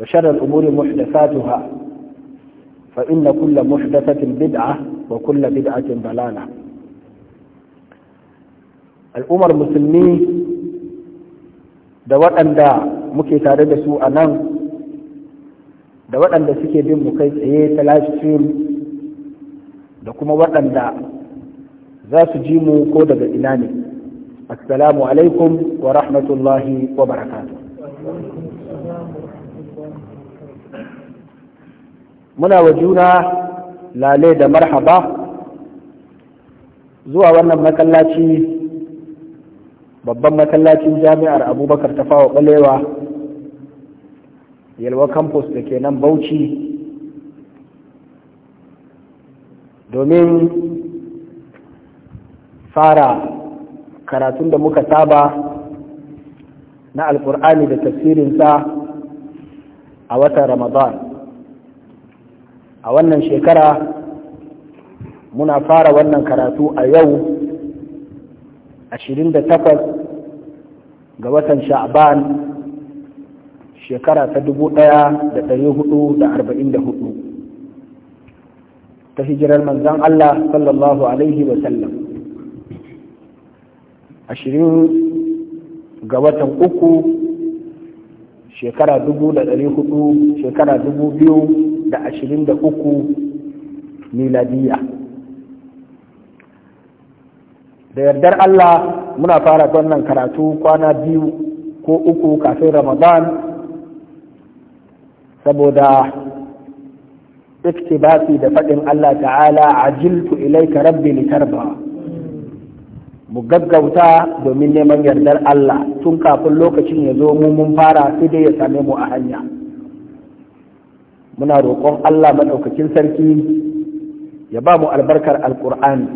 وشر الأمور محدثاتها فإن كل محدثة بدعة وكل بدعة ضلالة الأمر المسلمين da waɗanda muke tare da su a nan da waɗanda suke bin mu kai tsaye ta live stream da kuma waɗanda za su ji mu ko daga ina ne assalamu alaikum wa rahmatullahi wa barakatu muna wa juna lale da marhaba zuwa wannan masallaci babban masallacin jami'ar abubakar ta fawa balewa yalwa campus da ke nan bauchi domin fara karatun da muka saba na alkur'ani da tafsirinsa a watan ramadan a wannan shekara muna fara wannan karatu a yau 28 ga watan sha'ban shekara ta 1444 ta hijirar manzan Allah sallallahu alaihi wasallam 20 ga watan uku shekara hudu, shekara 2000 da ashirin da uku miladiya da yardar Allah muna fara wannan karatu kwana biyu ko uku kafin ramadan saboda iktibasi da faɗin Allah ta'ala ajiltu ilaika rabbi litarba mu gaggauta domin neman yardar Allah tun kafin lokacin ya zo mu mun fara sai dai ya same mu a hanya muna roƙon Allah maɗaukakin sarki ya ba mu albarkar alƙur'ani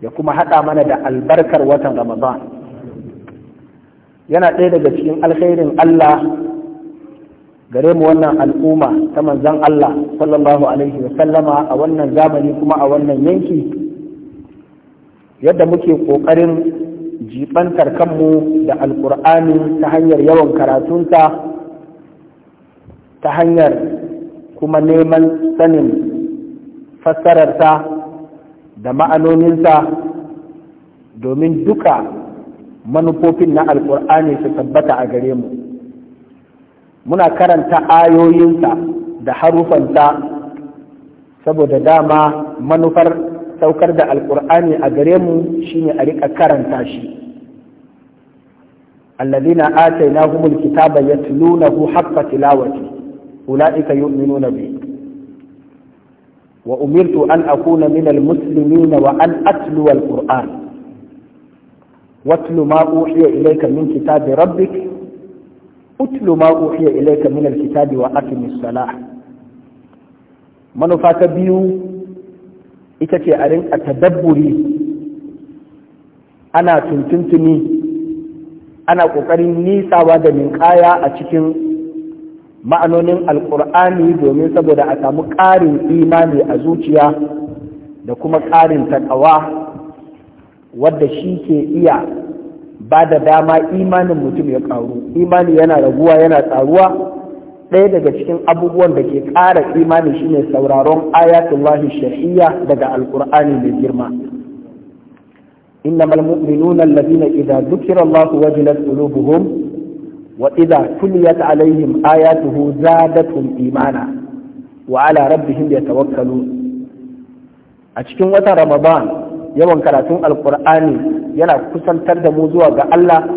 ya kuma haɗa mana da albarkar watan ramadan yana ɗaya daga cikin alkhairin Allah gare mu wannan al'umma ta manzan Allah sallallahu alaihi sallama, a wannan zamani kuma a wannan yanki yadda muke ƙoƙarin jibantar kanmu da alƙur'ani ta hanyar yawan karatunta ta hanyar kuma neman sanin fassararsa da ma'anoninsa domin duka manufofin na alkur'ani su tabbata a gare mu muna karanta ayoyinsa da harufanta saboda dama manufar saukar da alkur'ani a gare mu shine a rika karanta shi allazina atainahumul kitaba yatlunahu haqqa tilawati أولئك يؤمنون بي وأمرت أن أكون من المسلمين وأن أتلو القرآن واتل ما أوحي إليك من كتاب ربك أتل ما أوحي إليك من الكتاب وأقم الصلاة manufa ta biyu ita ce a rinka tadabburi ana tuntuntuni ana ƙoƙarin nisawa da ninkaya a cikin ma'anonin alkur'ani domin saboda a samu ƙarin imani a zuciya da kuma ƙarin taƙawa wadda shi ke iya ba da dama imanin mutum ya ƙaru imani yana raguwa yana tsaruwa ɗaya daga cikin abubuwan da ke ƙara imani shine sauraron ayatullahi shari'a daga alkur'ani mai girma إنما المؤمنون الذين إذا ذكر الله وجلت قلوبهم wa idza tuliyat alaihim ayatuhu zadatuhum imana wa ala rabbihim yatawakkalun a cikin watan ramadan yawan karatun alkur'ani yana kusantar da mu zuwa ga Allah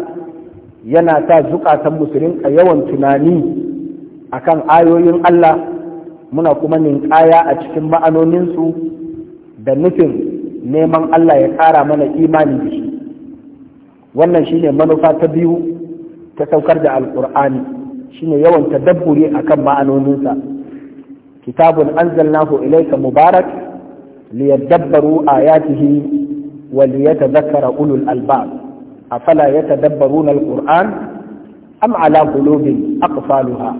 yana ta zukatan musulun a yawan tunani akan ayoyin Allah muna kuma ninkaya a cikin ma'anoninsu da nufin neman Allah ya ƙara mana imani da shi wannan shine manufa ta biyu ta saukar da alkur'ani shine yawan tadabburi akan ma'anoninsa kitabun anzalnahu ilayka mubarak liyadabbaru ayatihi wa liyatadhakkara ulul albab afala yatadabbaruna alquran am ala qulubin aqfaluha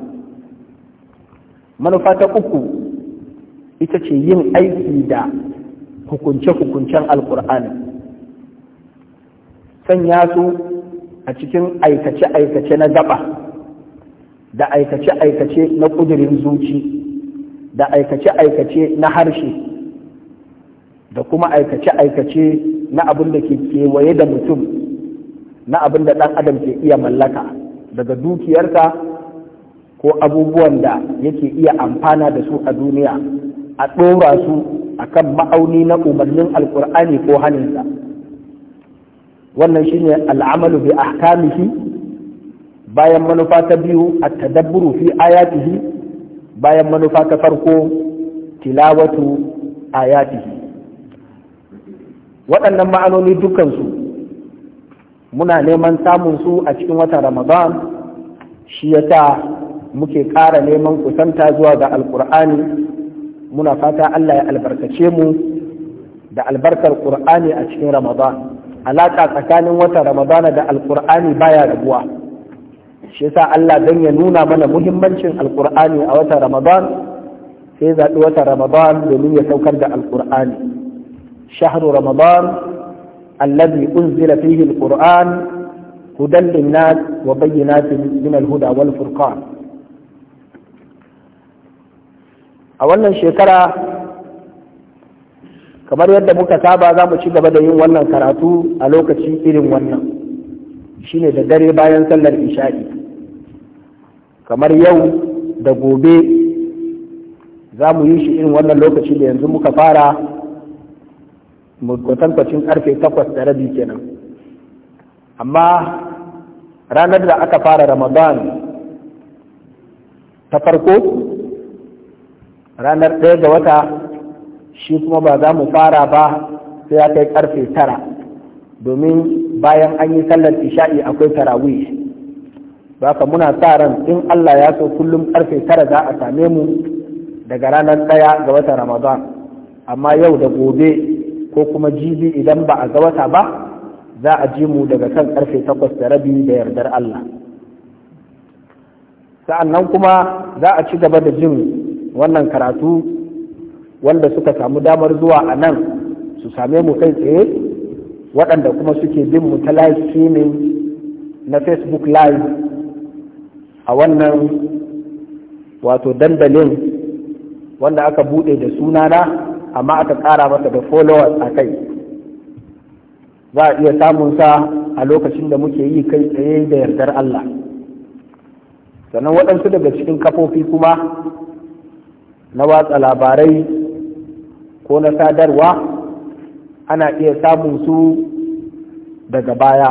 manufa ta uku ita ce yin aiki da hukunce-hukuncen alkur'ani sanya su a cikin aikace-aikace na gaba da aikace-aikace na ƙudurin zuci da aikace-aikace na harshe da kuma aikace-aikace na abin da ke kewaye da mutum na abin da ɗan adam ke iya mallaka daga dukiyarka ko abubuwan da yake iya amfana da su a duniya a ɗora su a kan ma'auni na umarnin Alƙur'ani ko haninsa. wannan shine al'amalu bi ahkamihi bayan manufa ta biyu at-tadabburu fi ayatihi bayan manufa ta farko tilawatu ayatihi waɗannan ma'anoni dukansu muna neman samun su a cikin watan ramadan shi yasa muke ƙara neman kusanta zuwa ga alƙur'ani muna fata allah ya albarkace mu da albarkar ƙur'ani a cikin ramadan Alaƙa tsakanin watan ramadana da alkur'ani baya rabuwa shi yasa Allah dan ya nuna mana muhimmancin alkur'ani a wata ramadan sai zaɓi watan ramadan domin ya saukar da alkur'ani shahru ramadan allazi unzila fihi alqur'an hudan linnas wa bayyinatin min alhuda wal furqan a wannan shekara kamar yadda muka saba za mu ci gaba da yin wannan karatu a lokaci irin wannan shine da dare bayan sallar isha'i kamar yau da gobe za mu yi shi irin wannan lokaci da yanzu muka fara kwatankwacin karfe takwas da rabi kenan amma ranar da aka fara ramadan ta farko ranar ɗaya ga wata shi kuma ba za mu fara ba sai ya kai karfe tara domin bayan an yi sallar isha'i akwai tarawih ba ka muna sa ran in Allah ya so kullum karfe tara za a same mu daga ranar ɗaya ga watan ramadan amma yau da gobe ko kuma jibi idan ba a ga wata ba za a ji mu daga kan karfe takwas da rabi da yardar Allah sa'an nan kuma za a ci gaba da jin wannan karatu wanda suka samu damar zuwa a nan su same mu kai tsaye waɗanda kuma suke bin mu ta live streaming na facebook live a wannan wato dandalin wanda aka buɗe da sunana amma aka ƙara masa da followers a kai za a iya samun sa a lokacin da muke yi kai tsaye da yardar Allah sannan waɗansu daga cikin kafofi kuma na watsa labarai ko na sadarwa ana iya samun su daga baya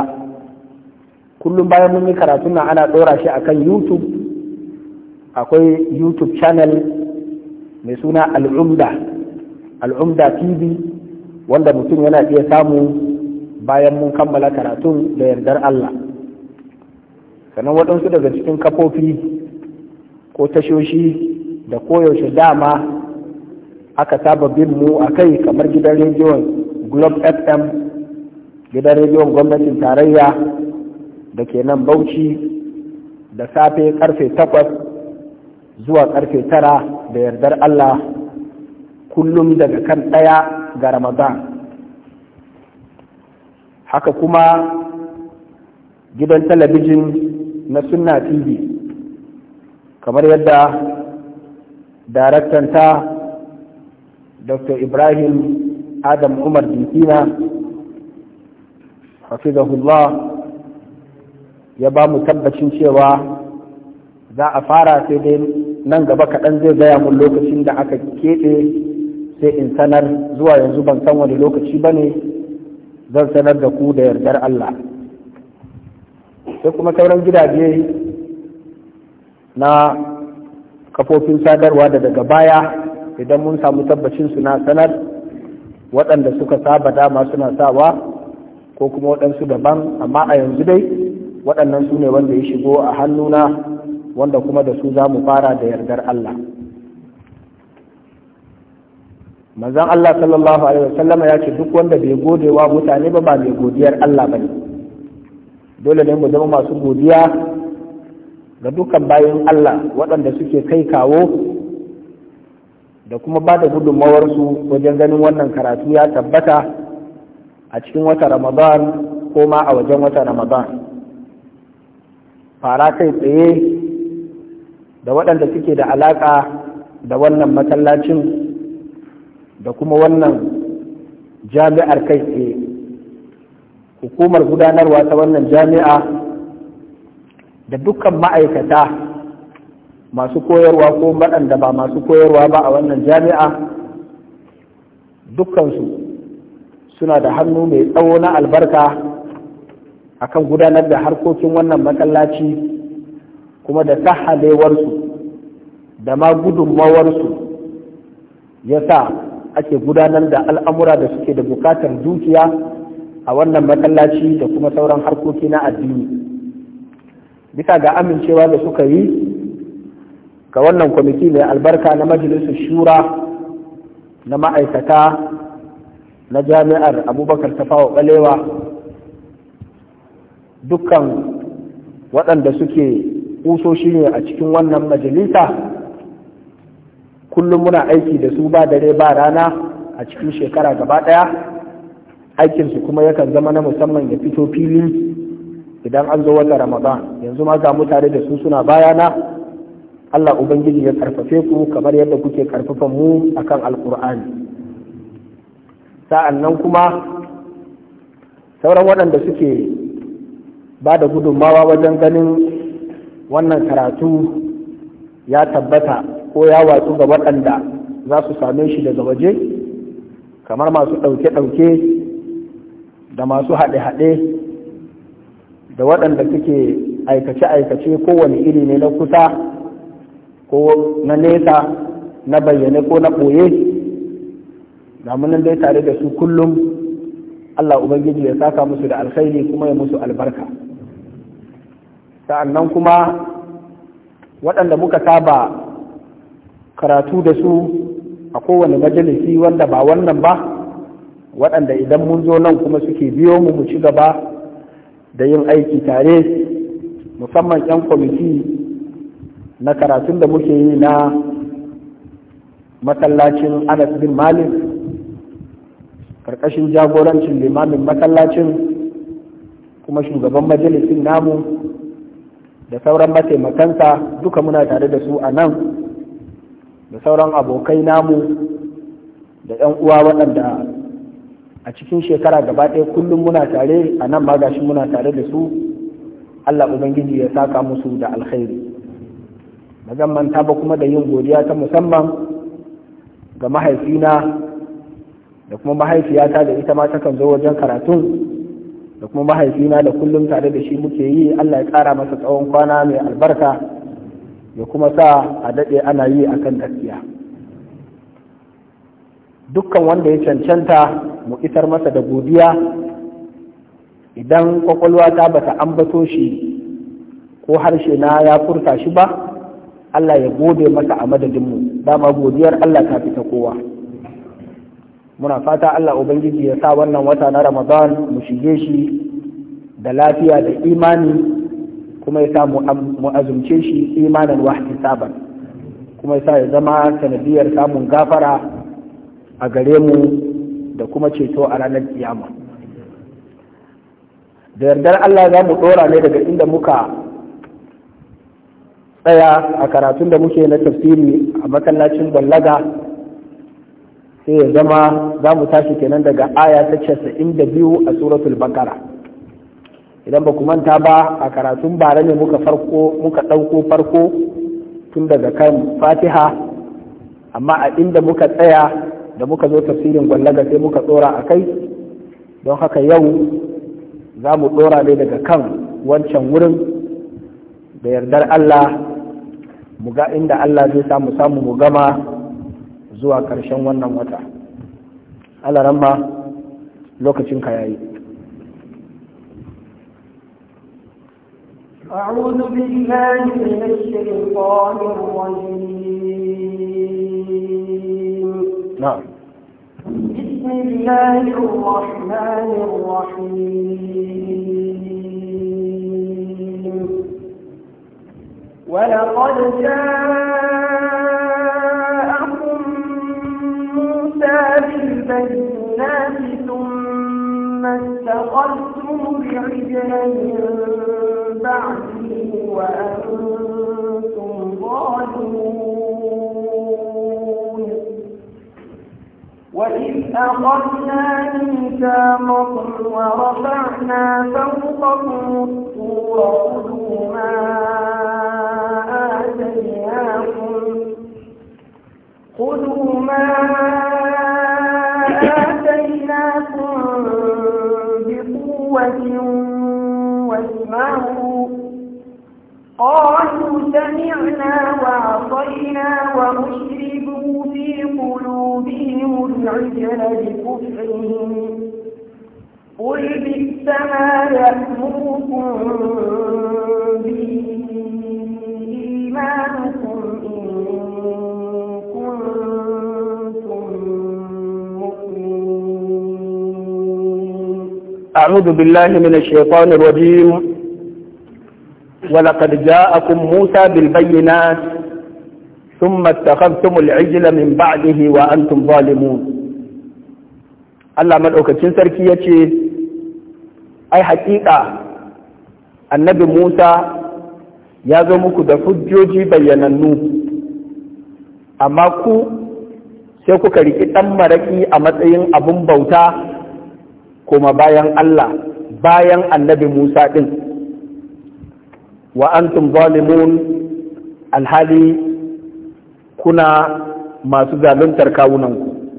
kullum bayan mun yi karatun nan ana ɗora shi akan youtube akwai youtube channel mai suna al'umda al'umda tv wanda mutum yana iya samu bayan mun kammala karatun da yardar allah sannan waɗansu daga cikin kafofi ko tashoshi da koyaushe dama aka saba bin mu a kai kamar gidan rediyon glob fm gidan rediyon gwamnatin tarayya da ke nan bauchi da safe karfe takwas zuwa karfe tara da yardar allah kullum daga kan ɗaya ga ramadan haka kuma gidan talabijin na sunna tv kamar yadda daraktanta dr ibrahim adam umar dinkina hafizahullah ya ba mu tabbacin cewa za a fara sai dai nan gaba kaɗan zai gaya mun lokacin da aka keɓe sai in sanar zuwa yanzu ban san wani lokaci ba ne zan sanar da ku da yardar Allah sai kuma sauran gidaje na kafofin sadarwa da daga baya idan mun samu tabbacin su na sanar waɗanda suka saba dama suna sawa ko kuma waɗansu daban amma a yanzu dai waɗannan su ne wanda ya shigo a hannuna wanda kuma da su za mu fara da yardar Allah manzon Allah sallallahu alaihi wasallam ya ce duk wanda bai gode wa mutane ba ba mai godiyar Allah ba ne dole ne mu zama masu godiya ga dukkan bayan Allah waɗanda suke kai kawo da kuma ba da gudunmawarsu wajen ganin wannan karatu ya tabbata a cikin wata ramadan ko ma a wajen wata ramadan fara kai tsaye da waɗanda suke da alaƙa da wannan matsalacin da kuma wannan jami'ar kai tsaye hukumar gudanarwa ta wannan jami'a da dukkan ma'aikata masu koyarwa ko waɗanda ba masu koyarwa ba a wannan jami'a dukkansu suna da hannu mai tsawo na albarka a kan gudanar da harkokin wannan matsalaci kuma da sahalewarsu da ma gudunmawarsu ya sa ake gudanar da al'amura da suke da bukatar dukiya a wannan matsalaci da kuma sauran harkoki na addini bisa ga amincewa da suka yi ga wannan kwamiti mai albarka na majalisar shura na ma'aikata na jami'ar abubakar tafawa balewa dukkan waɗanda suke ƙusoshi ne a cikin wannan majalisa kullum muna aiki da su ba dare ba rana a cikin shekara gaba ɗaya aikinsu kuma yakan zama na musamman ya fito fili idan an zo wata ramadan yanzu ma ga mutane da su suna bayana Allah Ubangiji ya karfafe ku kamar yadda kuke karfafa mu akan alkur'ani sa'an nan kuma sauran waɗanda suke ba da gudunmawa wajen ganin wannan karatu ya tabbata ko ya watsu ga waɗanda za su same shi daga waje kamar masu ɗauke-ɗauke da masu haɗe-haɗe da waɗanda suke aikace-aikace kowane iri ne na kusa ko na nesa na bayyane ko na ɓoye nan dai tare da su kullum Allah Ubangiji ya saka musu da alkhairi kuma ya musu albarka sa'annan kuma waɗanda muka saba karatu da su a kowane majalisi wanda ba wannan ba waɗanda idan mun zo nan kuma suke biyo mu mu ci gaba da yin aiki tare musamman 'yan kwamiti na karatun da muke yi na masallacin anas bin malik karkashin jagorancin limamin masallacin kuma shugaban majalisin namu da sauran mataimakansa duka muna tare da su a nan da sauran abokai namu da 'yan uwa waɗanda a cikin shekara gaba ɗaya kullum muna tare a nan magashi muna tare da su allah ubangiji ya saka musu da alkhairi wajen manta ba kuma da yin godiya ta musamman ga mahaifina da kuma mahaifiyata da ita ma takan zo wajen karatun da kuma mahaifina da kullum tare da shi muke yi Allah ya kara masa tsawon kwana mai albarka ya kuma sa a daɗe ana yi a kan gaskiya dukkan wanda ya cancanta mu isar masa da godiya idan kwakwalwa ta bata ambato shi ko harshe na ya furta shi ba Allah ya gode masa a madadinmu dama godiyar Allah ta fita kowa muna fata Allah Ubangiji ya sa wannan wata na Ramadan mu shige shi da lafiya da imani kuma ya sa mu azumce shi imanin wahdi saban kuma ya sa ya zama sanadiyar samun gafara a gare mu da kuma ceto a ranar kiyama da yardar Allah za mu ɗora ne daga inda muka tsaya a karatun da muke na tafsiri a masallacin ballaga sai ya zama za mu tashi kenan daga aya ta casa'in da biyu a suratul bakara idan ba ku manta ba a karatun bara ne muka farko muka ɗauko farko tun daga kan fatiha amma a inda muka tsaya da muka zo tafsirin gwallaga sai muka tsora a kai don haka yau za mu tsora ne daga kan wancan wurin da yardar Allah mu ga inda Allah zai samu samu mu gama zuwa ƙarshen wannan wata Allah ramma lokacin ka yayi أعوذ بالله من الشيطان الرجيم نعم بسم الله الرحمن الرحيم ولقد جاءكم موسى بالبينات ثم اتخذتم العجل من بعده وأنتم ظالمون وإذ أخذنا ميثاقكم ورفعنا فوقكم الطور خذوا خذوا ما آتيناكم بقوة واسمعوا قالوا سمعنا وعصينا وأشربوا في قلوبهم العجل بكفرهم قل بئس ما يأمركم به إيمانكم أعوذ بالله من الشيطان الرجيم ولقد جاءكم موسى بالبينات ثم اتخذتم العجل من بعده وأنتم ظالمون Allah maɗaukacin sarki ya ce, Ai, haƙiƙa, annabi Musa ya zo muku da hujjoji bayyanannu, amma ku sai kuka riƙi ɗan maraƙi a matsayin abun bauta kuma bayan Allah bayan annabi Musa ɗin wa antum zalimun alhali kuna masu zaluntar kawunanku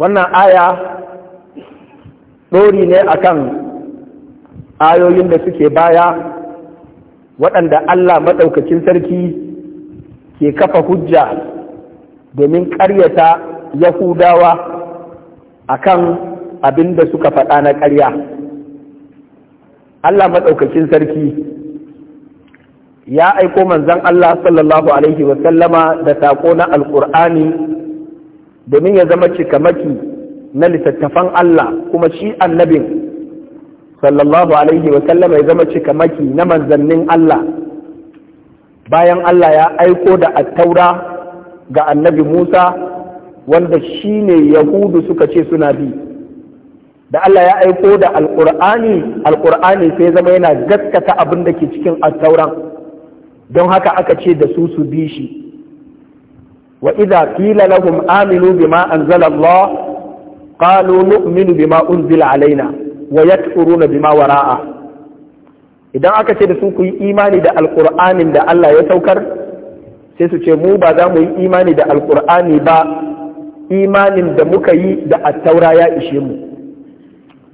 wannan aya ɗori ne akan ayoyin da suke baya waɗanda Allah maɗaukacin sarki ke kafa hujja domin ƙaryata Yahudawa a kan abin da suka faɗa na ƙarya Allah maɗaukakin sarki ya aiko manzan Allah sallallahu Alaihi wasallama da saƙo na alƙur'ani domin ya zama cikamaki na littattafan Allah kuma shi annabin sallallahu Alaihi wasallama ya zama cikamaki na manzannin Allah bayan Allah ya aiko da attaura ga annabi Musa wanda shi ne Yahudu suka ce suna bi. da Allah ya aiko da alƙur'ani alƙur'ani sai zama yana gaskata abin da ke cikin attauran don haka aka ce da su su bi shi wa idza qila lahum aminu bima anzala Allah qalu nu'minu bima unzila alaina wa yakfuruna bima wara'a idan aka ce da su ku yi imani da alƙur'anin da Allah ya saukar sai su ce mu ba za mu yi imani da alƙur'ani ba imanin da muka yi da attaura ya ishe mu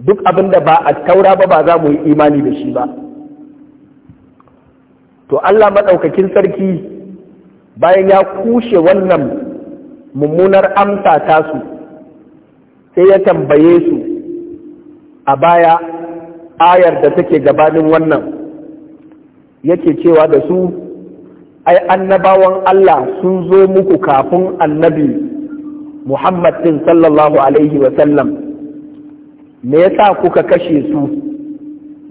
duk abin da ba a taura ba ba za mu yi imani da shi ba to Allah maɗaukakin sarki bayan ya kushe wannan mummunar amsa tasu sai ya tambaye su a baya ayar da take gabanin wannan yake cewa da su ai annabawan Allah sun zo muku kafin annabi Muhammad din sallallahu alaihi wasallam me yasa kuka kashe su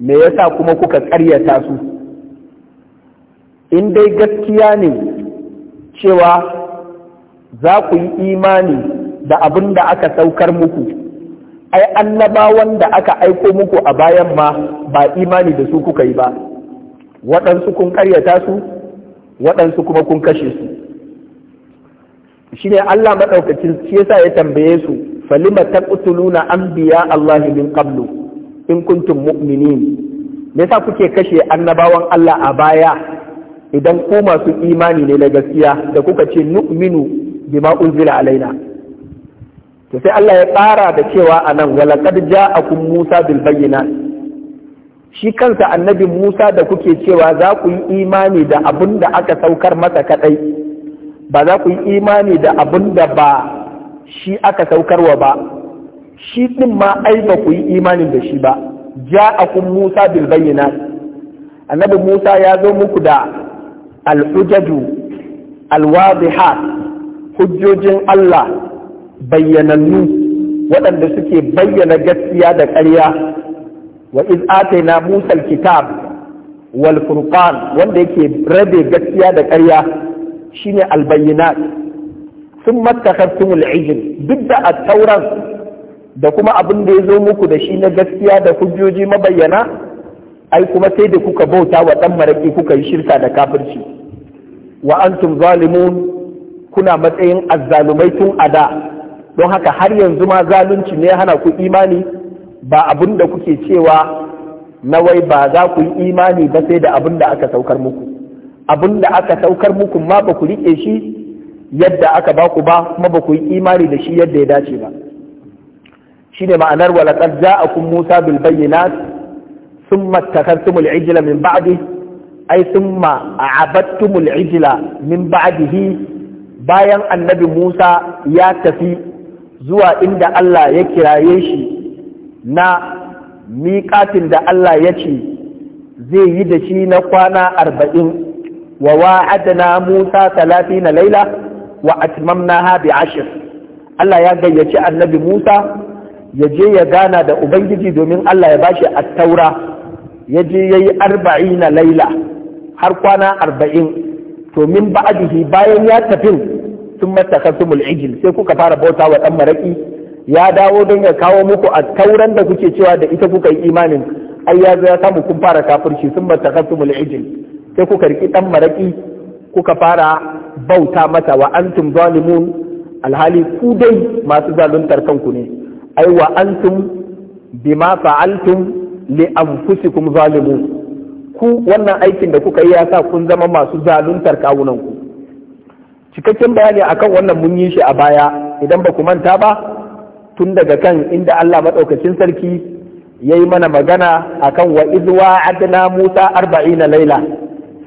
me yasa kuma kuka ƙaryata su in dai gaskiya ne cewa za ku yi imani da abin da aka saukar muku ai annabawan da aka aiko muku a bayan ma ba imani da su kuka yi ba waɗansu kun ƙaryata su waɗansu kuma kun kashe su shi ne Allah maɗaukacin shi yasa ya tambaye su falima taqtuluna anbiya Allah min qablu in kuntum mu'minin me yasa kuke kashe annabawan Allah a baya idan ku masu imani ne na gaskiya da kuka ce nu'minu bima unzila alaina to sai Allah ya tsara da cewa anan walaqad ja'akum Musa bil bayyinat shi kansa annabi Musa da kuke cewa za ku yi imani da abin da aka saukar masa kadai ba za ku yi imani da abin da ba shi aka saukarwa ba shi ɗin ma ai ba ku yi imanin da shi ba Ja kun Musa bil bayyinat annabi Musa ya zo muku da al-hujaju al hujjojin Allah bayyanannu waɗanda suke bayyana gaskiya da ƙarya wa iz ataina Musa al-kitab wal furqan wanda yake rabe gaskiya da ƙarya shine al-bayyinat sun mattakartumul ul'ijin duk da a tauran da kuma abin da ya zo muku da shi na gaskiya da hujjoji mabayyana ai kuma sai da kuka bauta wa ɗan maraƙi kuka yi shirka da kafirci wa antum zalimun kuna matsayin azzalumai tun a da don haka har yanzu ma zalunci ne hana ku imani ba abin da kuke cewa na wai ba za ku yi imani ba sai da abin da aka saukar muku abin da aka saukar muku ma ba ku riƙe shi yadda aka ba ku ba kuma ba ku yi imani da shi yadda ya dace ba shine ma'anar wa laqad ja'akum Musa bil bayyinat thumma ittakhadhtumul ijla min ba'di ay thumma a'abadtumul ijla min ba'dihi bayan annabi Musa ya tafi zuwa inda Allah ya kiraye shi na miƙatin da Allah ya ce zai yi da shi na kwana arba'in wa wa'adana Musa talafi na laila wa atmamnaha bi ashir Allah ya gayyaci annabi Musa ya je ya gana da Ubangiji domin Allah ya bashi attaura ya je yayi yi na laila har kwana arba'in to min ba'adihi bayan ya tafin sun matakasumul ijil sai kuka fara bauta wa ɗan maraƙi ya dawo don ya kawo muku attauran da kuke cewa da ita kuka yi imanin ai ya zo ya samu kun fara kafirci sun matakasumul ijil sai kuka riƙi ɗan maraƙi kuka fara bauta mata wa antum zalimun alhali ku dai masu zaluntar kanku ne ai wa antum bima fa'altum li anfusikum zalimun ku wannan aikin da kuka yi ya sa kun zama masu zaluntar kawunan ku cikakken bayani akan wannan mun yi shi a baya idan ba ku manta ba tun daga kan inda Allah madaukakin sarki yayi mana magana akan wa idwa adna Musa 40 laila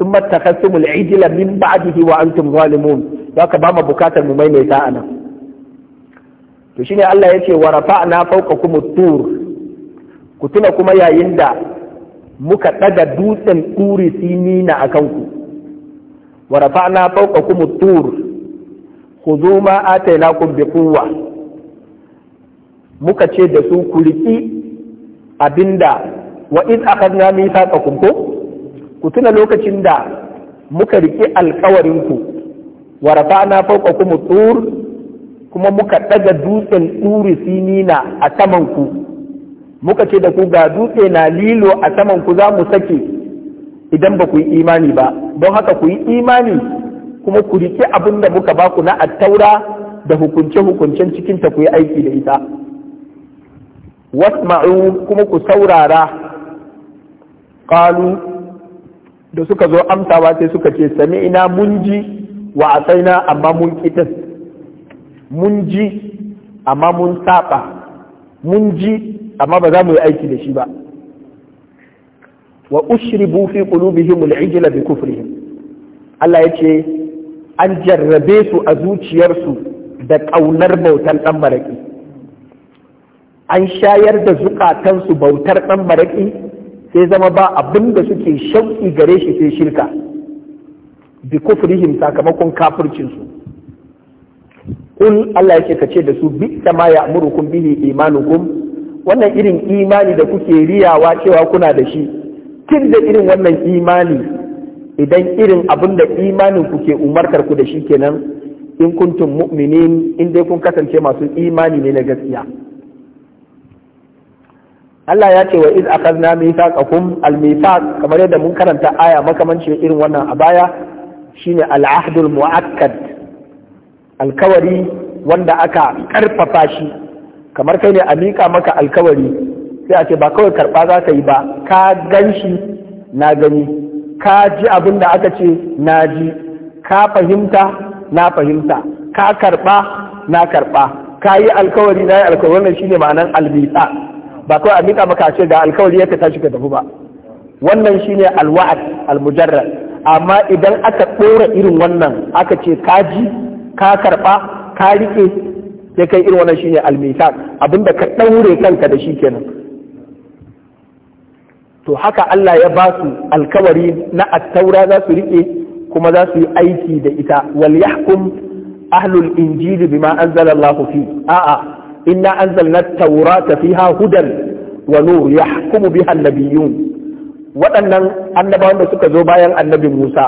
thumma takhasumul ijla min ba'dihi wa antum zalimun haka ba mu bukatar mu maimaita ana to shine Allah yace wa rafa'na fawqakum tur ku tuna kuma yayin da muka daga dutsen turi sinina akan ku wa rafa'na fawqakum at-tur khudhu ma atainakum bi quwwa muka ce da su ku riki abinda wa id akhadna mithaqakum ko ku tuna lokacin da muka riƙe alkawarinku wa ku mu tur kuma muka ɗaga dutsen turi sinina a samanku muka ce da ku ga dutse na lilo a samanku za mu sake idan ba ku yi imani ba don haka ku yi imani kuma ku riƙe abin da muka ku na attaura da hukunce-hukuncen cikinta ku yi aiki da ita wasma'u kuma ku saurara ƙalu da suka zo amsawa sai suka ce sami ina mun ji wa asaina amma mun kitin mun ji amma mun saba mun ji amma ba za mu yi aiki da shi ba wa ushribu fi qulubihim al-ijla bi kufrihim Allah ce an jarrabe su a zuciyarsu da ƙaunar bautar ɗan maraƙi an shayar da zukatansu bautar ɗan maraƙi sai zama ba abin da suke shauƙi gare shi sai shirka bi kufrihim sakamakon kafircinsu Kun Allah yake kace da su bi sama ya amurukum bihi imanukum wannan irin imani da kuke riyawa cewa kuna da shi kin da irin wannan imani idan irin abin da imanin kuke ke umartar ku da shi kenan in kuntum mu'minin in dai kun kasance masu imani ne na gaskiya Allah ya ce wa iz akhadna mithaqakum al-mithaq kamar yadda mun karanta aya makamanci irin wannan a baya shine al-ahdul mu'akkad alkawari wanda aka karfafa shi kamar kai ne a mika maka alkawari sai a ce ba kawai karɓa za ka yi ba ka gan shi na gani ka ji abin da aka ce na ji ka fahimta na fahimta ka karɓa na karɓa ka yi alkawari na yi alkawari wannan shine ma'anar albisa ba kawai a miƙa maka ce ga alkawari yadda ka tashi ka tafi ba wannan shine alwa'ad almujarrad amma idan aka ɗora irin wannan aka ce ka ji ka karɓa ka riƙe sai kai irin wannan shine almisak abinda ka ɗaure kanka da shi kenan to haka Allah ya ba su alkawari na attaura za su riƙe kuma za su yi aiki da ita wal yahkum ahlul injili bima anzala Allah fi a'a inna anzalna taurata fiha hudan wa nur yahkumu biha annabiyun waɗannan annabawan da suka zo bayan annabi Musa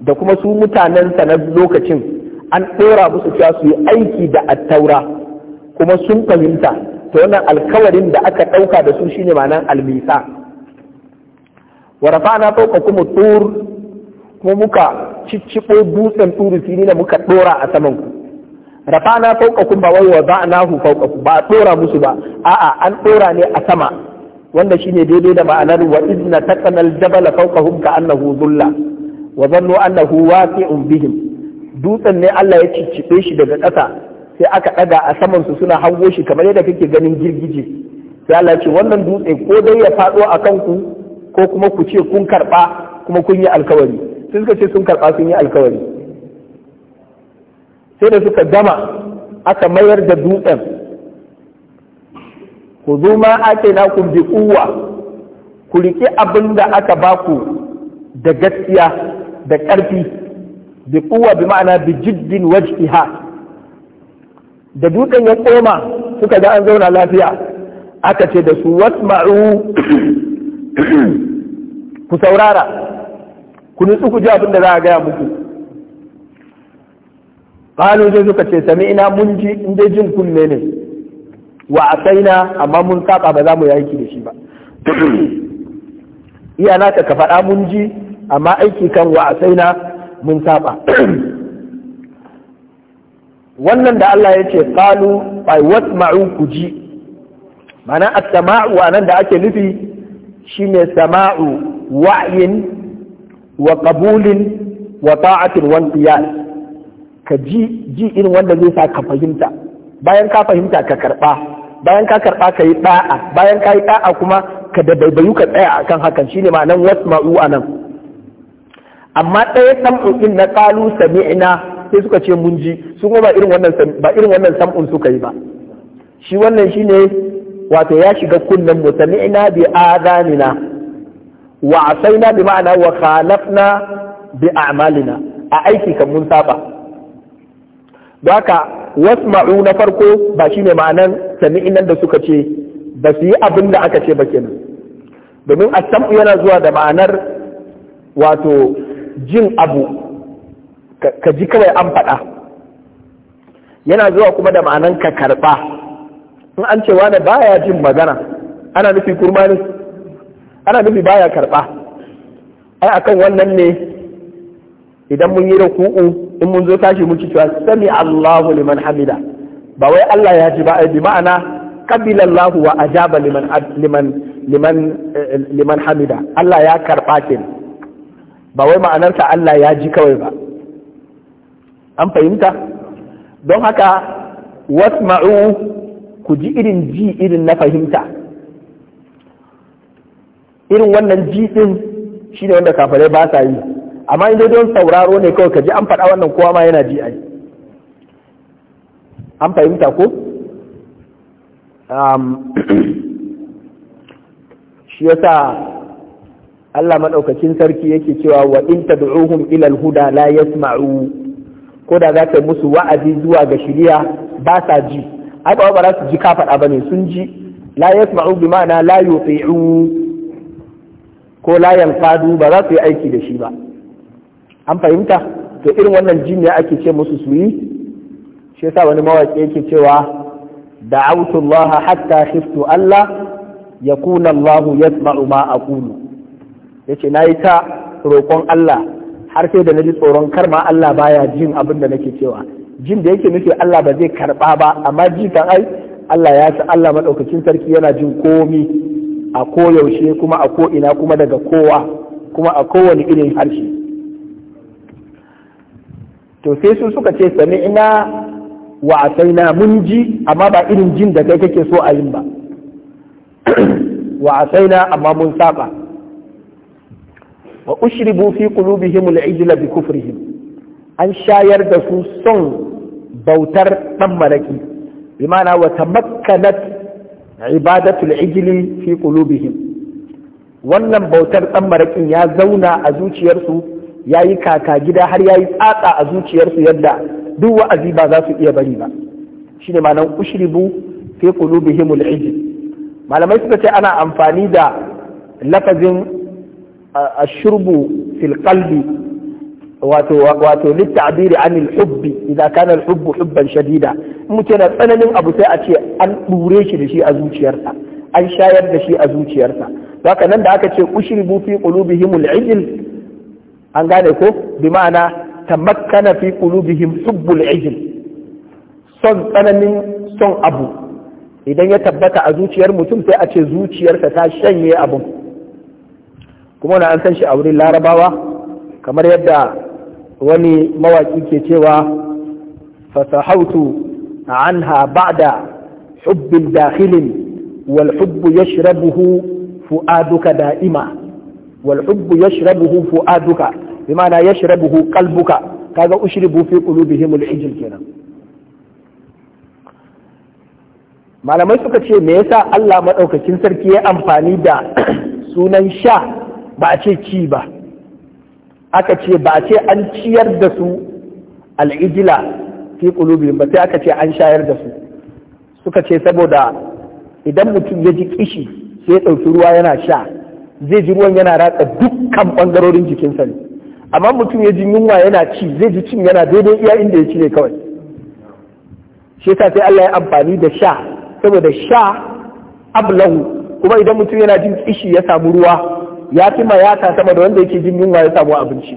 da kuma su mutanensa na lokacin an ɗora musu cewa su yi aiki da attaura kuma sun fahimta ta wannan alkawarin da aka ɗauka da su shine ma'anar almisa wa rafa'na fawqa kuma tur kuma muka cicciɓo dutsen turu sini da muka ɗora a saman ku rafa'na fawqakum ba wai wada'nahu fawqakum ba dora musu ba a'a an dora ne a sama wanda shine daidai da ma'anar wa idna taqana al-jabal fawqahum ka'annahu dhulla wa dhannu annahu waqi'un bihim dutsen ne Allah ya ciccibe shi daga ƙasa sai aka ɗaga a saman su suna hango shi kamar yadda kake ganin girgije sai Allah ce wannan dutse ko dai ya faɗo a kanku ko kuma ku ce kun karba kuma kun yi alkawari sun suka ce sun karɓa sun yi alkawari sai da suka gama aka mayar da dutsen ku zo ma ake na ku bi uwa ku riƙe abin da aka ba ku da gaskiya da ƙarfi bi uwa bi ma'ana bi jiddin waj'iha da dutsen ya koma suka ga an zauna lafiya aka ce da su wasma'u ku saurara ku nutsu ku ji abin da za a gaya muku qalu zai suka ce ina mun ji in jin kunne ne wa asaina amma mun saba ba za mu yi aiki da shi ba iya naka ka mun ji amma aiki kan wa na mun saba wannan da Allah ya ce qalu ay wasma'u ku ji mana a samau nan da ake nufi shine sama'u wa'yin wa qabulin wa ta'atin wa ka ji ji irin wanda zai sa ka fahimta bayan ka fahimta ka karɓa, bayan ka karɓa ka yi ɗa'a, bayan ka yi ɗa'a kuma ka da baibayu ka tsaya akan hakan shine ma'anan wasma'u anan amma ɗaya sam'u in na qalu sami'na sai suka ce mun ji su kuma ba irin wannan ba irin wannan sam'un suka yi ba shi wannan shine wato ya shiga kunnen mu sami'ina bi adanina wa asaina bi ma'ana wa khalafna bi a'malina a aiki kan mun saba wasu ma'u na farko ba shine ma'anan sami'in nan da suka ce ba su yi abin da aka ce ba kenan domin a samu yana zuwa da ma'anar wato jin abu ka ji kawai an faɗa yana zuwa kuma da ma'anan ka karɓa in an ce ba baya jin magana ana nufi kurma ne ana nufi baya karɓa ai akan wannan ne idan mun yi ruku'u in mun zo tashi muke cewa sami Allahu liman hamida ba wai Allah ya ji ba bi ma'ana qabila Allahu wa ajaba liman liman liman eh, liman hamida Allah ya karba ki ba wai ka Allah ya ji kawai ba an fahimta don haka wasma'u ku ji irin ji irin na fahimta irin wannan ji din shine wanda kafare ba sa yi amma in dai don sauraro ne kawai ka ji an faɗa wannan kowa ma yana ji ai an fahimta ko shi yasa Allah maɗaukacin sarki yake cewa wa in tad'uhum ila al-huda la yasma'u ko da za ka musu wa'azi zuwa ga shirya ba sa ji ai ba ba za su ji ka faɗa bane sun ji la yasma'u bi ma'ana la yuti'u ko la yanqadu ba za su yi aiki da shi ba an fahimta to irin wannan jinya ake ce musu suyi yi shi yasa wani mawaki yake cewa da'awtu Allah hatta khiftu Allah yakuna Allah yasma'u ma aqulu yace nayi ta rokon Allah har sai da naji tsoron karma Allah baya jin abin da nake cewa jin da yake nufi Allah ba zai karba ba amma ji kan ai Allah ya san Allah madaukakin sarki yana jin komi a koyaushe kuma a ko ina kuma daga kowa kuma a kowane irin harshe to sai su suka ce ina wa na mun ji amma ba irin jin da kai kake so a yin ba wa na amma mun saba wa ushribu fi qulubihim al-ijla bi kufrihim an shayar da su son bautar dan malaki bi ma'ana wa tamakkanat ibadatul ijli fi qulubihim wannan bautar dan marakin ya zauna a zuciyarsu ya yi kaka gida har ya yi tsatsa a zuciyarsu yadda duk wa'azi ba za su iya bari ba shi ne malam ushribu fi qulubihimul ijl malamai suka ce ana amfani da lafazin ashurbu fil qalbi wato wato litta'biri anil hubbi idan kana al hubban shadida mutum yana tsananin abu sai a ce an dure shi da shi a zuciyarsa an shayar da shi a zuciyarsa haka nan da aka ce ushribu fi qulubihimul ijl an gane ko bi ma'ana tamakkana fi qulubihim hubbul ijl son tsananin son abu idan ya tabbata a zuciyar mutum sai a ce zuciyarsa ta shanye abun kuma na an san shi a wurin larabawa kamar yadda wani mawaki ke cewa fasahautu anha ba'da hubbin dakhilin wal hubbu yashrabuhu fu'aduka da'ima wal hubbu yashrabuhu fuaduka bi ma'ana yashrabuhu qalbuka kaga ushribu fi qulubihim al kenan malamai suka ce me yasa Allah madaukakin sarki ya amfani da sunan sha ba a ce ci ba aka ce ba a ce an ciyar da su al'ijila fi qulubihim ba sai aka ce an shayar da su suka ce saboda idan mutum ya ji kishi sai ya ɗauki ruwa yana sha zai ji ruwan yana ratsa dukkan ɓangarorin jikinsa ne amma mutum ya ji yunwa yana ci zai ji cin yana daidai iya inda ya ci ne kawai shi yasa sai Allah ya amfani da sha saboda sha ablahu kuma idan mutum yana jin kishi ya samu ruwa ya fi mayata sama da wanda yake jin yunwa ya samu abinci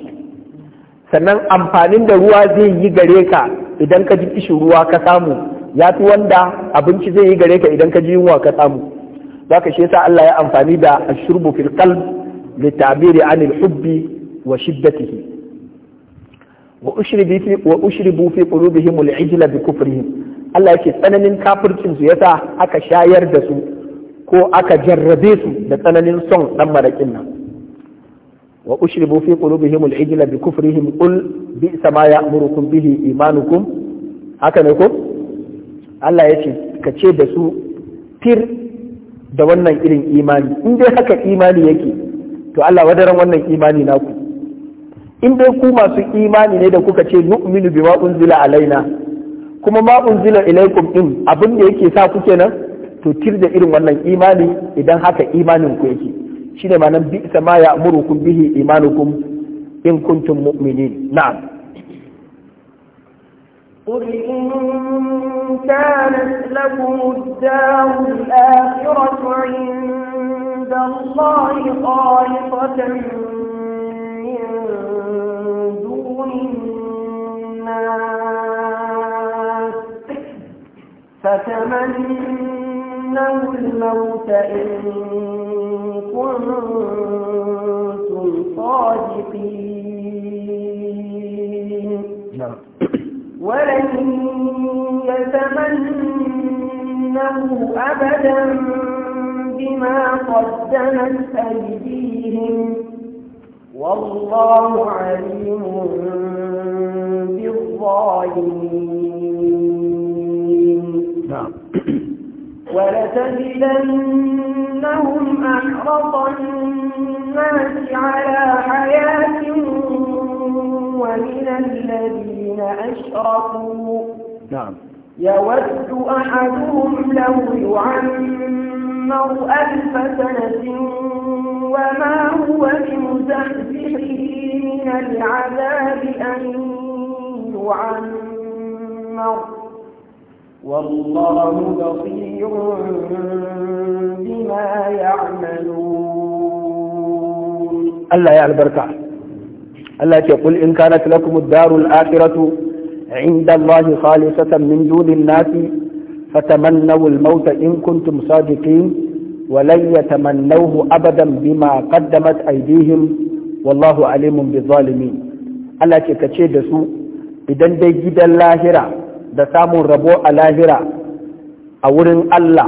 sannan amfanin da ruwa zai yi gare ka idan ka ji kishin ruwa ka samu ya fi wanda abinci zai yi gare ka idan ka ji yunwa ka samu zaka shi yasa Allah ya amfani da ashurbu fil qalb li ta'biri anil hubbi wa shiddatihi wa ushribu fi wa ushribu fi qulubihim al ijla bi kufrihim Allah yake tsananin kafircin su yasa aka shayar da su ko aka jarrabe su da tsananin son dan marakin nan wa ushribu fi qulubihim al ijla bi kufrihim qul bi ma ya'murukum bihi imanukum haka ne ko Allah ya ce ka ce da su fir da wannan irin imani in dai haka imani yake to Allah wadaran wannan imani naku in dai ku masu imani ne da kuka ce nu'minu bima unzila alaina kuma ma unzila ilaikum din abin da yake sa ku kenan to tir da irin wannan imani idan haka imanin ku yake shine bi sama ya'muru kum bihi imanukum in kuntum mu'minin na'am قل إن كانت لكم الدار الآخرة عند الله خالصة من دون الناس فتمنوا الموت إن كنتم صادقين ولن يتمنوا أبدا بما قدمت أيديهم والله عليم بالظالمين نعم ولتجدنهم أحرص الناس على حياة ومن الذين أشركوا نعم يود أحدهم لو يعمر ألف سنة وما هو بمزحزحه من العذاب أن يعمر والله بصير بما يعملون الله يعلم بركاته Allah ce kul in kanat lakum ad-darul akhiratu inda Allah khalisatan min dunin nasi fatamannaw al-maut in kuntum sadiqin wa lan yatamannawhu abadan bima qaddamat aydihim wallahu alimun bizalimin Allah ce kace da su idan dai gidan lahira da samun rabo a lahira a wurin Allah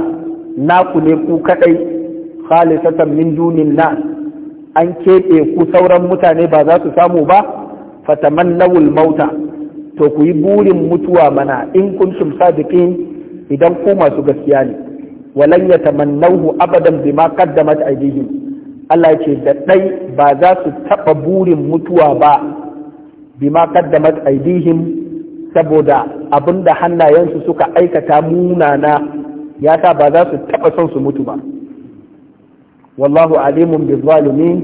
naku ne ku kadai khalisatan min dunin nasi an keɓe ku sauran mutane ba za su samu ba fataman lawul mauta to ku yi burin mutuwa mana in kun kuntum sadiqin idan ku masu gaskiya ne walan ya tamannahu abadan bima qaddamat aydihim Allah ce da dai ba za su taba burin mutuwa ba bima qaddamat aydihim saboda abinda hannayensu suka aikata munana ya sa ba za su taba son su mutu ba wallahu alimun bi zalimin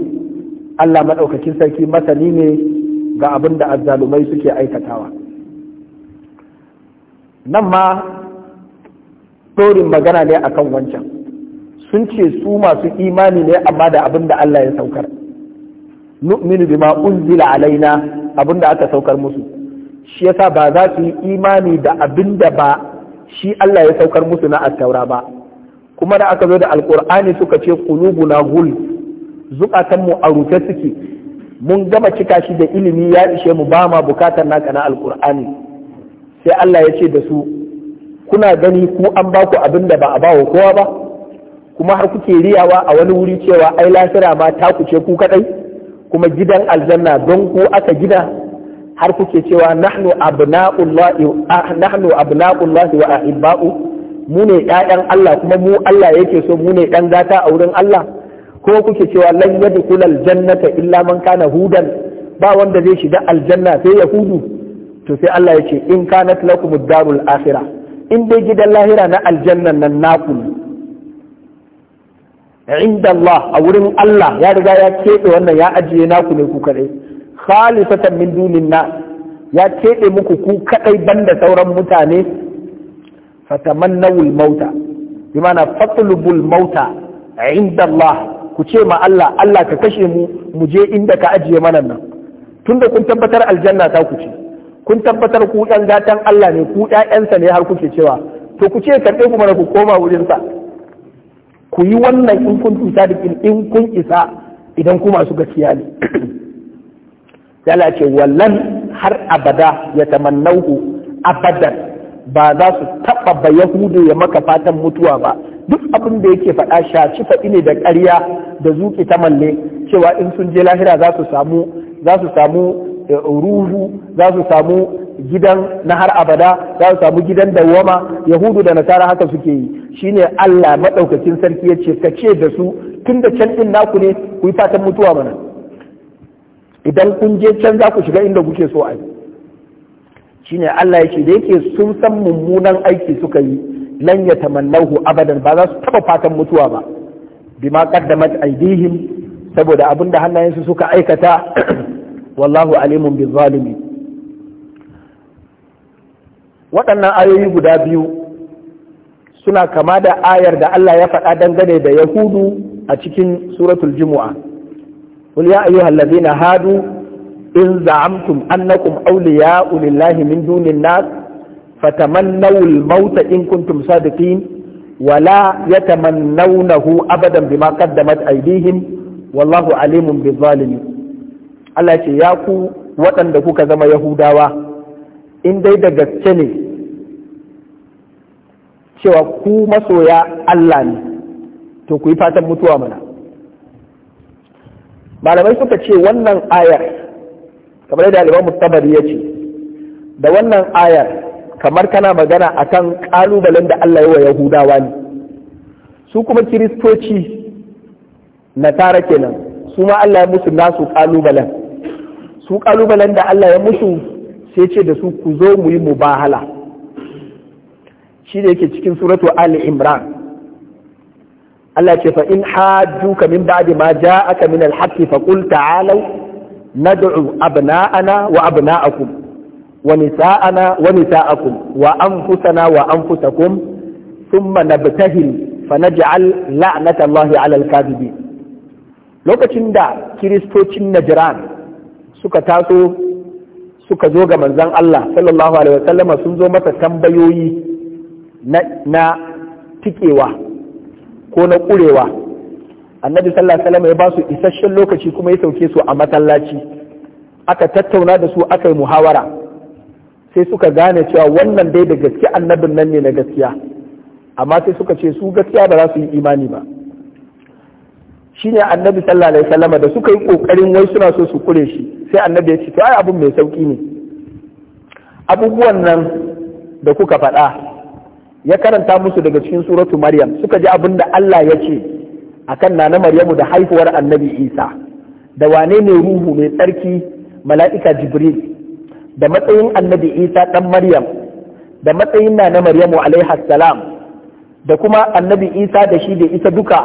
Allah madaukakin sarki masani ne ga abinda azzalumai suke aikatawa nan ma dorin magana ne akan wancan sun ce su masu imani ne amma da abinda Allah ya saukar nu'minu bima unzila alaina abinda aka saukar musu shi yasa ba za su yi imani da abinda ba shi Allah ya saukar musu na attaura ba kuma da aka zo da alkur'ani suka ce kulubu na hul zukatanmu a rufe suke mun gama cika shi da ilimi ya ishe mu ba ma bukatar naka na alkur'ani sai Allah ya ce da su kuna gani ku an ba ku abin da ba a bawa kowa ba kuma har kuke riyawa a wani wuri cewa ai lafira ma ta ku ce ku kadai kuma gidan aljanna don ku aka gina har kuke cewa nahnu abna'ullahi ah, nahnu abna'ullahi wa ahibba'u mu ne ƴaƴan Allah kuma mu Allah yake so mu ne ɗan gata a wurin Allah ko kuke cewa lan yadkhul aljannata illa man kana hudan ba wanda zai shiga aljanna sai yahudu to sai Allah yace in kanat lakum darul akhirah in dai gidan lahira na aljannan nan naku inda Allah a wurin Allah ya riga ya keɓe wannan ya ajiye naku ne ku kaɗai khalisatan min dunin na ya keɓe muku ku kaɗai banda sauran mutane fatamannawul mauta bi mana fatlubul mauta inda Allah ku ce ma Allah Allah ka kashe mu mu je inda ka ajiye mana nan tunda kun tabbatar aljanna ta ku ce kun tabbatar ku yan gatan Allah ne ku ƴaƴansa ne har kuke cewa to ku ce karɓe ku mana ku koma wurin sa ku yi wannan in kun tuta da in kun isa idan ku masu gaskiya ne yala ce wallan har abada ya tamannahu abadan ba za su taɓa ba yahudu ya maka fatan mutuwa ba duk abin da yake faɗa shi faɗi ne da ƙarya da zuƙi ta malle cewa in sun je lahira za su samu za su samu eh, ruhu za su samu gidan na har abada za su samu gidan dawwama yahudu da nasara haka suke yi shine Allah maɗaukacin sarki ya ce ka ce da su tun da can ɗin naku ne ku yi fatan mutuwa mana idan kun je can za ku shiga inda kuke so a yi shine Allah yake da yake sun san mummunan aiki suka yi lan tamannahu abadan ba za su taba fatan mutuwa ba bima qaddamat aydihim saboda abin da hannayensu suka aikata wallahu alimun bi zalimi waɗannan ayoyi guda biyu suna kama da ayar da Allah ya faɗa dangane da yahudu a cikin suratul jumu'a qul ya ladina hadu in za'amtum annakum Auliya ulillahi min dunin nas fatamannaw al in kuntum sadiqin wala yatamannawnahu abadan bima qaddamat aydihim wallahu alimun bizalimin Allah ce ya ku waɗanda kuka zama yahudawa in dai da gaske ne cewa ku masoya Allah ne to ku yi fatan mutuwa mana malamai suka ce wannan ayar kamar yadda al-Imam ya yace da wannan ayar kamar kana magana akan ƙalubalen da Allah ya wa Yahudawa ne su kuma kiristoci nasara kenan su ma Allah ya musu nasu ƙalubalen. su ƙalubalen da Allah ya musu sai ce da su ku zo mu yi mubahala shi da yake cikin suratu Ali Imran Allah ce fa in hajjuka min ba'di ma ja'aka min al-haqqi fa qul ta'alu nad'u abna'ana wa abna'akum wa nisa'ana wa nisa'akum wa anfusana wa anfusakum thumma nabtahil fa naj'al la'natallahi 'alal kadhibin lokacin da kiristocin najran suka taso suka zo ga manzon Allah sallallahu alaihi sun zo masa tambayoyi na, na tikewa ko na ƙurewa annabi sallallahu alaihi ya ba su isasshen lokaci kuma ya sauke su a masallaci aka tattauna da su aka yi muhawara sai suka gane cewa wannan dai da gaske annabin nan ne na gaskiya amma sai suka ce su gaskiya ba za su yi imani ba shine annabi sallallahu alaihi wasallam da suka yi kokarin wai suna so su kure shi sai annabi ya ce to ai abun mai sauki ne abubuwan nan da kuka faɗa ya karanta musu daga cikin suratu maryam suka ji abin da Allah ya ce akan nana maryamu da haihuwar annabi isa da wane ne ruhu mai tsarki mala'ika jibril da matsayin annabi isa ɗan maryam da matsayin nana maryamu alaihi salam da kuma annabi isa da shi da isa duka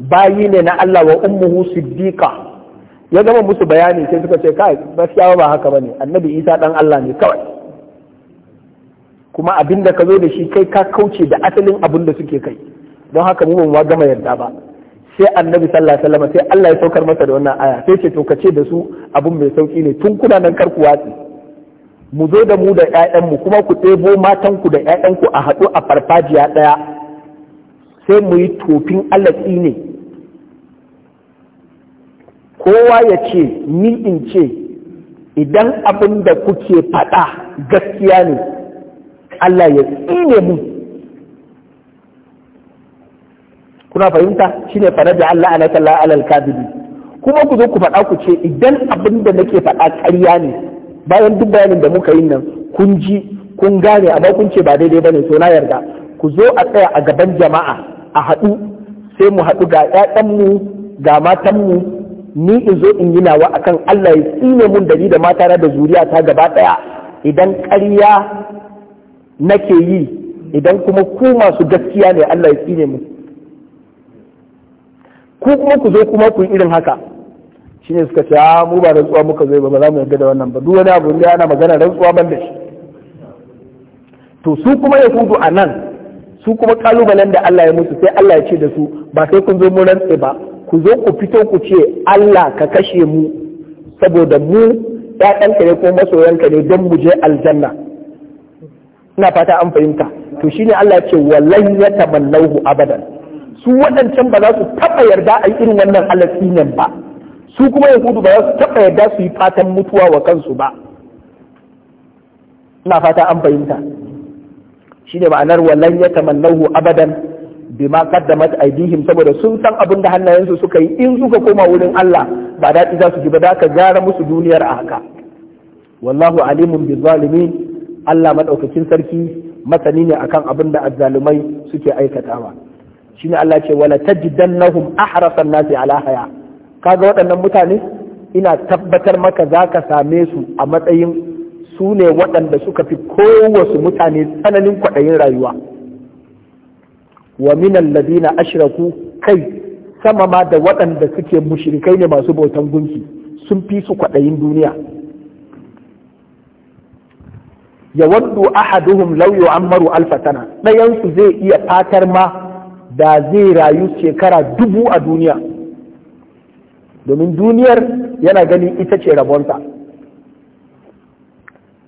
bayi ne na allah wa ummuhu siddiqa ya gama musu bayani sai suka ce kai gaskiya ba haka bane annabi isa ɗan allah ne kawai kuma abin da ka zo da shi kai ka kauce da asalin abin da suke kai don haka mu ba gama yarda ba sai annabi sallallahu alaihi wasallam sai Allah ya saukar masa da wannan aya sai ce to kace da su abun mai sauki ne tun kuna nan kar watsi mu zo da mu da ƴaƴan mu kuma ku ɗebo matan ku da ƴaƴan ku a haɗu a farfajiya ɗaya sai mu yi tofin Allah ne kowa ya ce ni in ce idan abin da kuke faɗa gaskiya ne Allah ya tsine mu kuna fahimta shine ne naja Allah alaka la alal kadibi kuma ku zo ku faɗa ku ce idan abin da nake faɗa ƙarya ne bayan duk bayanin da muka yi nan kun ji kun gane amma kun ce ba daidai ne so na yarda ku zo a tsaya a gaban jama'a a haɗu sai mu haɗu ga ƴaƴanmu ga matanmu ni in zo in yi nawa akan Allah ya tsine mun dari da matana da zuriya ta gaba ɗaya idan ƙarya nake yi idan kuma ku masu gaskiya ne Allah ya tsine mu ku kuma ku zo kuma ku yi irin haka ne suka ce ah, mu ba rantsuwa muka zo ba ba za mu yarda da wannan ba duk wani abu da ana magana rantsuwa ban da shi to su kuma ya yahudu a nan su kuma kalubalen da Allah ya musu sai Allah ya ce da su ba sai kun zo mu rantse ba ku zo ku fito ku ce Allah ka kashe mu saboda mu ɗanka ne ko masoyanka ne don mu je aljanna ina fata an fahimta to shine Allah ya ce wallahi ya taballahu abadan su waɗancan ba za su taɓa yarda a yi irin wannan alatsinen ba su kuma yahudu ba za su taɓa yarda su yi fatan mutuwa wa kansu ba ina fata an fahimta shi ne ma'anar wallan ya tamannahu abadan bima qaddamat aidihim saboda sun san abin da hannayensu suka yi in suka koma wurin Allah ba daɗi za su ji ba da ka gara musu duniyar a haka wallahu alimun bi zalimin Allah madaukakin sarki masani ne akan abin da azzalumai suke aikatawa shine Allah ce wala tajidannahum ahrasan nasi ala Ka kaga waɗannan mutane ina tabbatar maka zaka same su a matsayin su ne waɗanda suka fi kowasu mutane tsananin kwaɗayin rayuwa wa minan ladina ashraku kai sama ma da waɗanda suke mushrikai ne masu bautan gunki sun fi su kwaɗayin duniya ya waddu ahaduhum law yu'ammaru alfatana ɗayansu zai iya fatar ma da zai rayu shekara dubu a duniya domin duniyar yana gani ita ce rabonta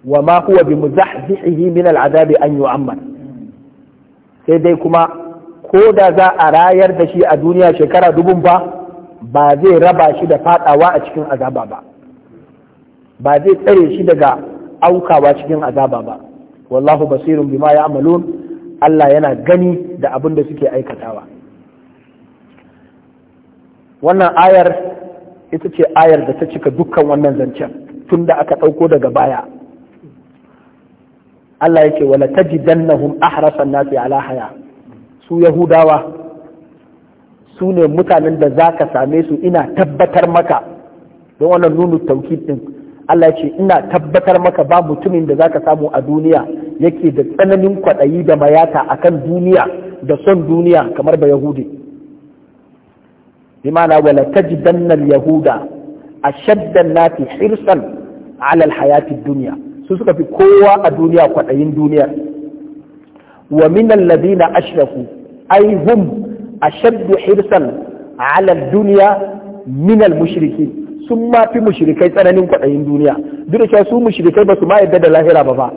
wa ma kuwa bi muzahzihi min al'adabi an yu'ammal sai dai kuma ko da za a rayar da shi a duniya shekara dubun ba ba zai raba shi da fadawa a cikin azaba ba ba zai tsare shi daga aukawa cikin azaba ba wallahu basirun bima amalun Allah yana gani da abin da suke aikatawa wannan ayar ita ce ayar da ta cika dukkan wannan zancen tun da aka ɗauko daga baya Allah yake wala tajidannahum ahrasan nasi ala haya su yahudawa su ne mutanen da za ka same su ina tabbatar maka don wannan nunu tauki ɗin Allah ce ina tabbatar maka ba mutumin da za ka samu a duniya yake da tsananin kwaɗayi da mayata akan duniya da son duniya kamar ba yahudi bi wala tajidanna yahuda ashadda nati hirsan ala alhayati duniya. su suka fi kowa a duniya kwaɗayin duniya wa min alladhina ashraku ay hum ashaddu hirsan ala dunya min almushrikin sun ma fi mushrikai tsananin kwaɗayin duniya duk da su mushrikai ba su ma yadda da lahira ba ba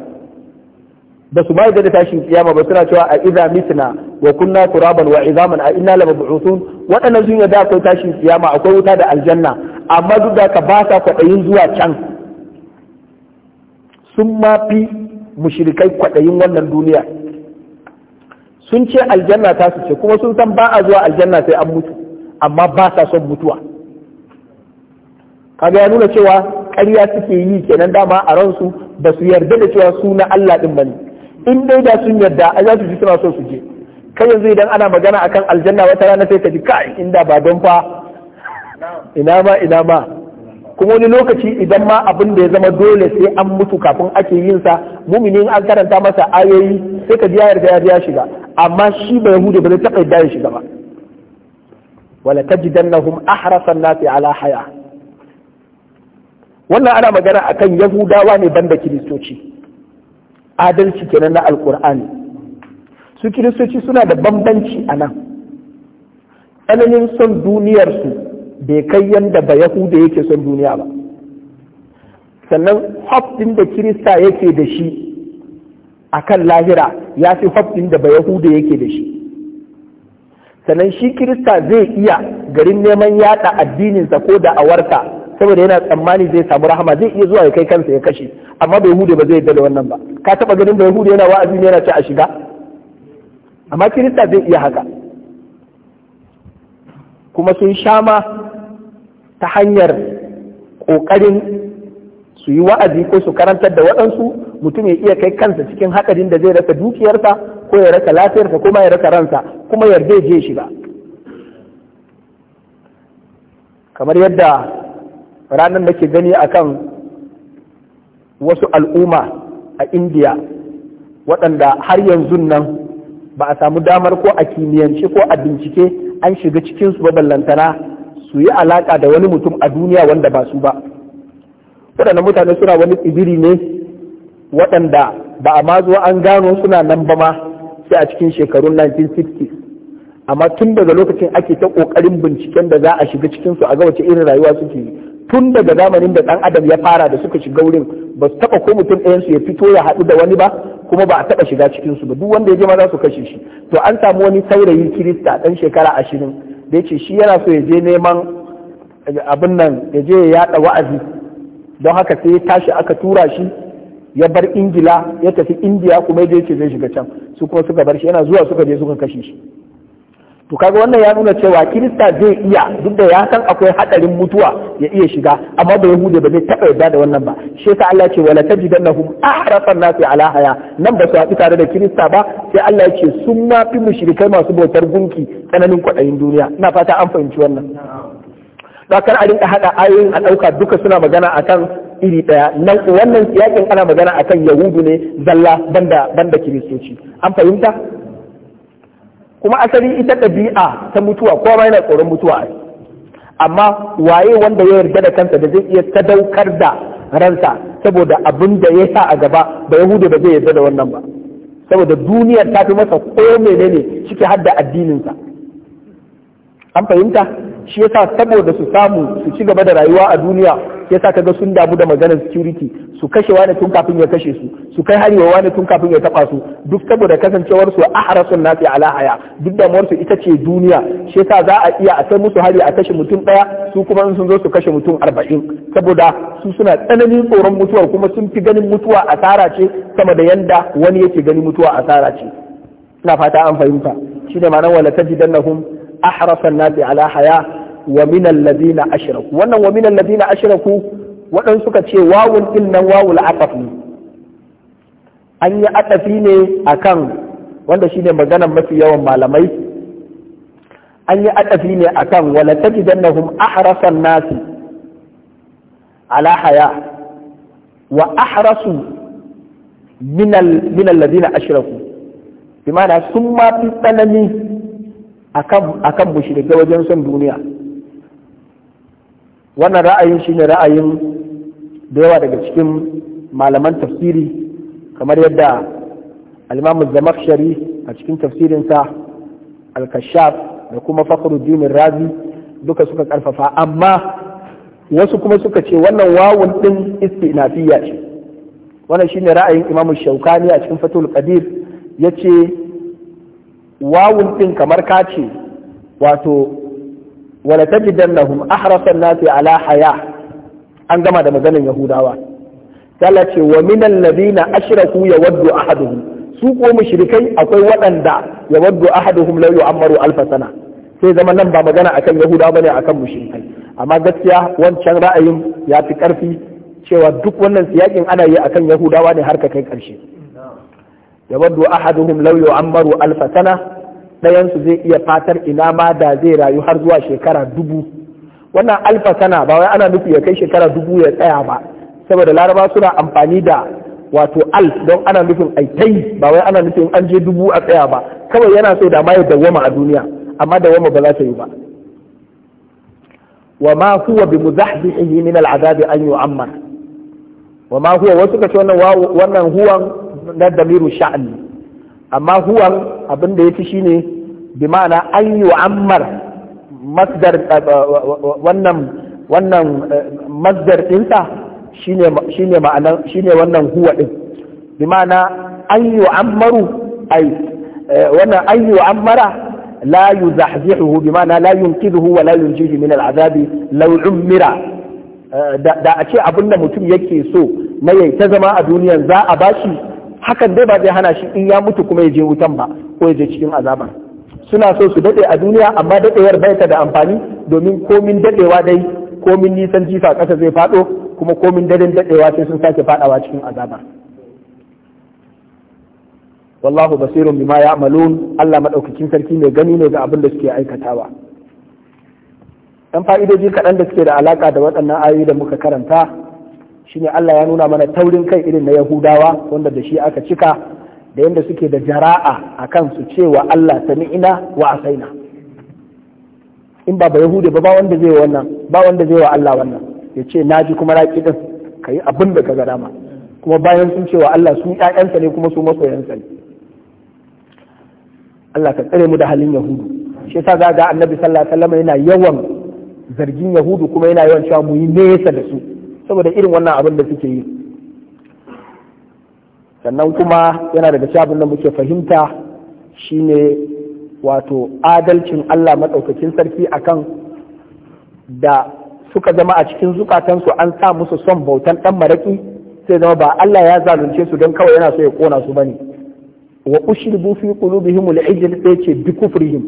ba su ma da tashin kiyama ba suna cewa a idza mitna wa kunna turaban wa izaman a inna la mab'uthun waɗannan sun yadda akwai tashin kiyama akwai wuta da aljanna amma duk da ka ba sa kwaɗayin zuwa can sun ma fi mushrikai kwaɗayin wannan duniya sun ce aljanna ta su ce kuma sun san ba a zuwa aljanna sai an mutu amma ba sa son mutuwa kaga ya nuna cewa ƙarya suke yi kenan dama a ransu ba su yarda da cewa suna na Allah ɗin bane in dai da sun yarda a za su ji suna so su je kai yanzu idan ana magana akan aljanna wata rana sai ka ji kai inda ba don fa ina ma ina ma kuma wani lokaci idan ma abin da ya zama dole sai an mutu kafin ake yin sa muminin an karanta masa ayoyi sai ka ji ya yarda ya shiga amma shi ba yahudi ba zai taɓa yarda ya shiga ba wala tajidannahum ahrasan nasi ala haya wannan ana magana akan yahudawa ne ban banda kiristoci adalci kenan na alkur'ani su kiristoci suna da bambanci a nan tsananin son duniyarsu bai kai yadda ba yahuda yake son duniya ba sannan ɗin da kirista yake da shi a kan lahira ya fi ɗin da ba yahuda yake da shi sannan shi kirista zai iya garin neman yada addininsa ko da awarta saboda yana tsammani zai samu rahama zai iya zuwa ya kai kansa ya kashe amma bai hude ba zai yadda da wannan ba ka taba ganin bai hude yana wa'azi ne yana ce a shiga amma kirista zai iya haka kuma sun shama ta hanyar ƙoƙarin su yi wa'azi ko su karantar da waɗansu mutum ya iya kai kansa cikin haɗarin da zai rasa dukiyarsa ko ya rasa lafiyarsa ko ma ya rasa ransa kuma yarda je shiga kamar yadda ranar da ke gani a kan wasu al'umma a indiya waɗanda har yanzu nan ba a samu damar ko a kimiyyance ko a bincike an shiga cikinsu ba ballantana su yi alaƙa da wani mutum a duniya wanda ba su ba waɗannan mutane suna wani tsibiri ne waɗanda ba a ma zo an gano suna nan ba ma sai a cikin shekarun 1960 amma tun daga lokacin ake ta ƙoƙarin binciken da za a shiga cikinsu a ga wace irin rayuwa suke yi tun daga zamanin da ɗan adam ya fara da suka shiga wurin ba su taba ko mutum ɗayan su ya fito ya haɗu da wani ba kuma ba a taba shiga cikin su ba duk wanda ya je ma za su kashe shi to an samu wani saurayi kirista ɗan shekara ashirin da ya ce shi yana so ya je neman abin nan ya je ya yaɗa wa'azi don haka sai ya tashi aka tura shi ya bar ingila ya tafi indiya kuma ya je ce zai shiga can su kuma suka bar shi yana zuwa suka je suka kashe shi to kaga wannan ya nuna cewa kirista zai iya duk da ya san akwai hadarin mutuwa ya iya shiga amma ba yahude ba zai taba yarda da wannan ba shi yasa Allah ce wala tajidannahum ahrasan nasi ala haya nan ba su haɗu tare da kirista ba sai Allah ya ce sun ma fi mushrikai masu bautar gunki tsananin kwaɗayin duniya ina fata an fahimci wannan kar a rinka haɗa ayoyin a ɗauka duka suna magana akan iri ɗaya nan wannan yakin ana magana akan yahudu ne zalla banda banda kiristoci an fahimta kuma asali ita ɗabi'a ta mutuwa kowa yana tsoron mutuwa amma waye wanda ya yarda da kansa da zai iya sadaukar da ransa saboda abin da ya sa a gaba ba yahudu ba zai yarda da wannan ba saboda duniyar ta fi masa ko menene shike hadda addininsa an fahimta shi yasa saboda su samu su ci gaba da rayuwa a duniya yasa kaga sun damu da maganar security su kashe wani tun kafin ya kashe su su kai hari wa wani tun kafin ya taba su duk saboda kasancewar su ahrasun nasi ala haya duk damuwar su ita ce duniya shi yasa za a iya a kai musu hari a kashe mutum daya su kuma sun zo su kashe mutum arba'in saboda su suna tsananin tsoron mutuwar kuma sun fi ganin mutuwa asara ce sama da yanda wani yake ganin mutuwa asara ce ina fata an fahimta shine ma'anar wala tajidannahum ahrasa nasi ala haya wa min alladhina ashraku wannan wa suka ce wawun din nan ne an yi aqafi ne akan wanda shine maganar mafi yawan malamai an yi aqafi ne akan wala tajidannahum ahrasa nasi ala haya wa ahrasu min alladhina ashraku sun ma fi tsanani a kan akan mushrike wajen son duniya wannan ra'ayin shi ne ra'ayin da yawa daga cikin malaman tafsiri kamar yadda alimamu shari a cikin tafsirinsa al da kuma fakhruddin razi duka suka karfafa amma wasu kuma suka ce wannan wawun din istinafiya ce wannan shi ne ra'ayin imamu shaukani a cikin fatul ya ce. wawun ɗin kamar ka ce wato wala tajidannahum ahrasan nasi ala haya an gama da maganin yahudawa tala ce wa minan ladina ashraku yawaddu ahaduhum su ko mushrikai akwai waɗanda yawaddu ahaduhum law yu'ammaru alfa sana sai zama nan ba magana akan yahudawa bane akan mushrikai amma gaskiya wancan ra'ayin ya fi karfi cewa duk wannan siyakin ana yi akan yahudawa ne har ka kai karshe yawaddu ahaduhum law yu'ammaru alfa sana ɗayansu zai iya fatar ina ma da zai rayu har zuwa shekara dubu wannan alfa sana ba wai ana nufi ya kai shekara dubu ya tsaya ba saboda laraba suna amfani da wato alf don ana nufin aitai ba wai ana nufin an je dubu a tsaya ba kawai yana so da ma ya dawwama a duniya amma dawwama ba za ta yi ba wa ma huwa bi muzahzihi min azab an yu'ammar wa ma huwa wasu kace wannan wannan huwan na damiru sha'ani amma huwan abin da ya fi shi ne bi ma'ana an yi wa ammar masdar eh, eh, wannan wannan eh, masdar shine ma'ana shine wannan huwa din bi ma'ana an yi wa ammaru ai wannan an yi wa ammara la yuzahzihu bi ma'ana la yunqidhu wa la yunjihi min al'azabi law ummira da a ce abin da mutum yake so na ta zama a duniyan za a bashi hakan dai ba zai hana shi in ya mutu kuma ya je wutan ba ko ya je cikin azaba suna so su dade a duniya amma dadewar bai ta da amfani domin komin dadewa dai komin nisan jifa kasa zai fado kuma komin daren dadewa sai sun sake fadawa cikin azaba wallahu basirun bima ya'malun Allah madaukakin sarki mai gani ne ga abin da suke aikatawa dan fa'idoji kaɗan da suke da alaka da waɗannan ayoyi da muka karanta shine Allah ya nuna mana taurin kai irin na Yahudawa wanda da shi aka cika da yadda suke da jara'a a kan su cewa Allah sami'ina wa asaina in ba ba Yahude ba ba wanda zai wannan ba wanda zai wa Allah wannan ya ce na ji kuma raƙi din yi abin da ka ga dama kuma bayan sun cewa Allah su ƴaƴansa ne kuma su masoyansa ne Allah ka tsare mu da halin Yahudu shi yasa za ga Annabi sallallahu alaihi yana yawan zargin Yahudu kuma yana yawan cewa mu yi nesa da su saboda irin wannan abin da suke yi sannan kuma yana daga shabin da muke fahimta shine wato adalcin Allah maɗaukakin sarki akan da suka zama a cikin zukatansu an sa musu son bautan ɗan maraƙi sai zama ba Allah ya zalunce su don kawai yana so ya ƙona su bane wa ushir fi qulubihim al-ijl sai ce bi kufrihim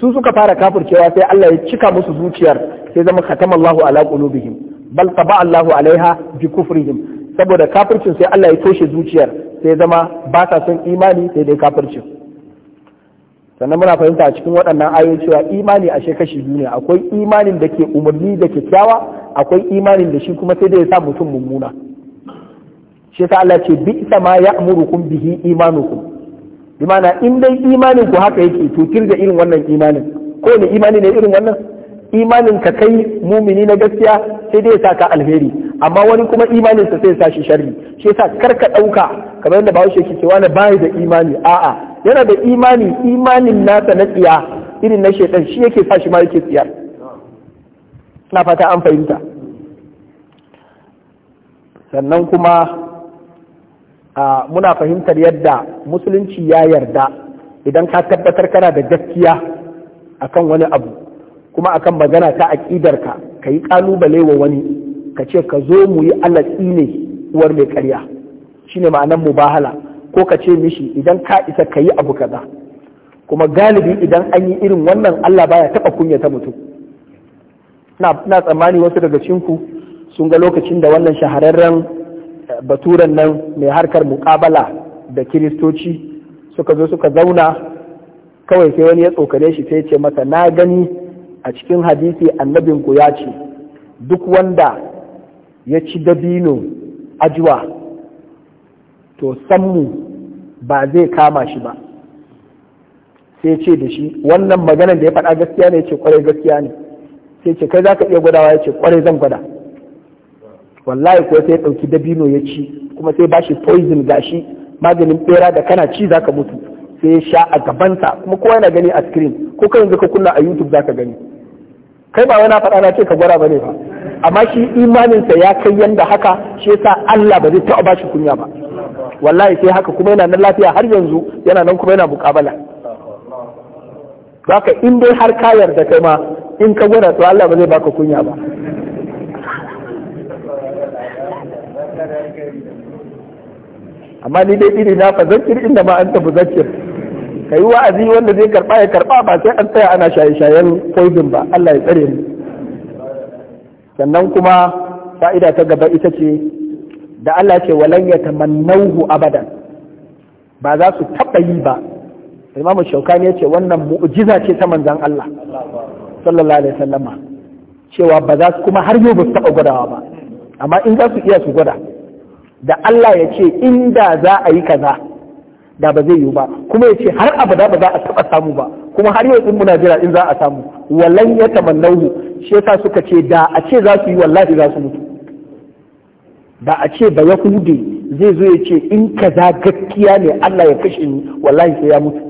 su suka fara kafircewa sai Allah ya cika musu zuciyar sai zama khatamallahu ala qulubihim bal taba Allahu alaiha bi kufrihim saboda kafircin sai Allah ya toshe zuciyar sai zama ba sa son imani sai dai kafircin sannan muna fahimta a cikin waɗannan ayoyi cewa imani a kashi biyu ne akwai imanin da ke umarni da kyakkyawa akwai imanin da shi kuma sai dai ya sa mutum mummuna shi yasa Allah ce bi isa ma ya'murukum bihi imanukum bi ma'ana in dai imanin ku haka yake to kirga irin wannan imanin ko ne imani ne irin wannan imanin ka kai mumini na gaskiya sai dai ya sa ka alheri amma wani kuma imaninsa sai ya sa shi sharri shi yasa kar ka ɗauka kamar yadda bahaushe ke cewa na bai da imani a'a yana da imani imanin nasa na tsiya irin na shaitan shi yake sa shi ma yake tsiya na fata an fahimta sannan kuma muna fahimtar yadda musulunci ya yarda idan ka tabbatar kana da gaskiya akan wani abu kuma akan magana ta ka. ka yi kalubale wa wani ka ce ka zo mu yi Allah tsine uwar mai karya shine mu bahala ko ka ce mishi idan ka isa ka yi abu kaza kuma galibi idan an yi irin wannan Allah baya taɓa kunya ta mutu. na tsammani wasu daga cinku sun ga lokacin da wannan shahararren eh, baturen nan mai harkar muƙabala da kiristoci suka zo suka zauna kawai sai wani ya tsokane shi sai ce masa na gani a cikin hadisi annabinku ya ce duk wanda ya ci dabino ajuwa to sammu ba zai kama shi ba sai ce da shi wannan maganar da ya faɗa gaskiya ne ce kwarai gaskiya ne sai ce kai za ka iya gwadawa ya ce kwarai zan gwada wallahi ko sai ya ɗauki dabino ya ci kuma sai ba shi poison gashi maganin bera da kana ci za ka mutu sai ya sha a gabansa kuma kowa yana gani a screen ko kai yanzu ka kunna a youtube za ka gani kai ba wani faɗa na ce ka gwada ne ba amma shi imaninsa ya kai yanda haka shi yasa Allah ba zai taɓa bashi kunya ba wallahi sai haka kuma yana nan lafiya har yanzu yana nan kuma yana mukabala baka in dai har ka yarda kai ma in ka gwada to Allah ba zai baka kunya ba amma ni dai iri na fa zakir inda ma anta muzakkir ka yi wa'azi wanda zai karɓa ya karɓa ba sai an tsaya ana shaye-shayen poison ba Allah ya tsare mu sannan kuma fa'ida ta gaba ita ce da Allah ce walan ya tamannauhu abadan ba za su taɓa yi ba Imam Shaukani ya ce wannan mu'jiza ce ta manzan Allah sallallahu alaihi wasallama cewa ba za su kuma har yau ba su taɓa gwadawa ba amma in za su iya su gwada da Allah ya ce inda za a yi kaza da ba zai yiwu ba kuma ya ce har abada ba za a taɓa samu ba kuma har yau in muna jira in za a samu wallan ya tamannahu shi yasa suka ce da a ce za su yi wallahi za su mutu da a ce ba yahude zai zo ya ce in kaza gaskiya ne Allah ya kashe ni wallahi sai ya mutu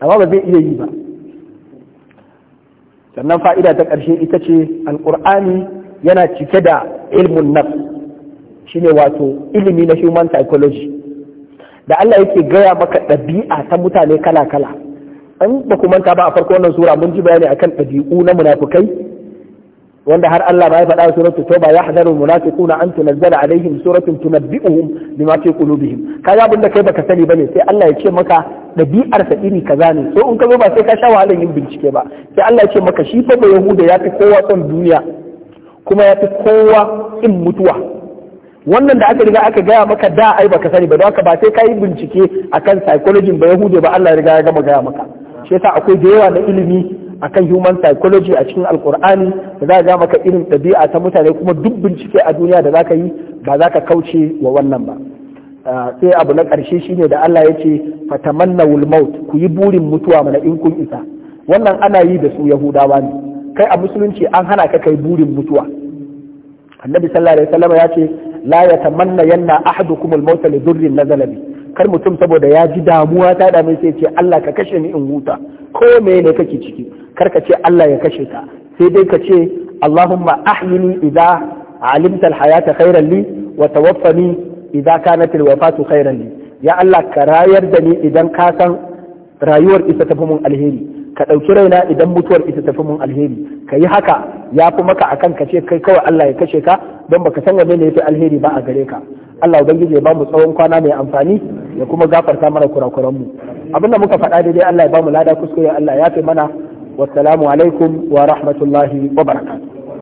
amma ba zai iya yi ba sannan fa'ida ta ƙarshe ita ce alƙur'ani yana cike da ilmun nafs shine wato ilimi na human psychology da Allah yake gaya maka ɗabi'a ta mutane kala-kala an ba ku manta ba a farko wannan sura mun ji bayani akan ɗabi'u na munafukai wanda har Allah ba ya faɗa suratul tauba ya hadaru munafiquna an tunazzala alaihim suratun tunabbi'uhum bima fi qulubihim kaga abin da kai baka sani bane sai Allah ya ce maka ɗabi'ar sa iri kaza ne so in ka zo ba sai ka sha wahalar yin bincike ba sai Allah ya ce maka shi fa ba yahuda ya fi kowa son duniya kuma ya fi kowa in mutuwa wannan da aka riga aka gaya maka da ai baka sani ba don haka ba sai ka yi bincike akan psychology ba yahude ba Allah ya riga ya gama gaya maka shi yasa akwai da yawa na ilimi akan human psychology a cikin alkur'ani da za ga maka irin ɗabi'a ta mutane kuma duk bincike a duniya da zaka yi ba za ka kauce wa wannan ba ah, sai abu na ƙarshe shine da Allah ya ce fatamanna maut ku yi burin mutuwa mana in kun isa wannan ana yi da su yahudawa ne kai a musulunci an hana ka kai burin mutuwa annabi sallallahu alaihi wasallam ya ce la yatamanna yanna ahadukum al-maut li dhurrin nazala bi kar mutum saboda ya ji damuwa ta dame sai ce Allah ka kashe ni in huta ko me ne kake ciki kar ka ce Allah ya kashe ka sai dai ka ce Allahumma ahyini idza alimta al-hayata khairan li wa tawaffani idza kanat al-wafatu khairan li ya Allah ka rayar da ni idan ka san rayuwar isa tafi mun alheri ka ɗauki raina idan mutuwar ita tafi mun alheri ka yi haka ya fi maka akan ka ce kai kawai Allah ya kashe ka don baka san wanne ne ya fi alheri ba a gare ka Allah ubangiji ya bamu tsawon kwana mai amfani ya kuma gafarta mana kurakuran mu abinda muka faɗa daidai Allah ya bamu lada kuskure Allah ya fi mana wassalamu alaikum wa rahmatullahi wa barakatuh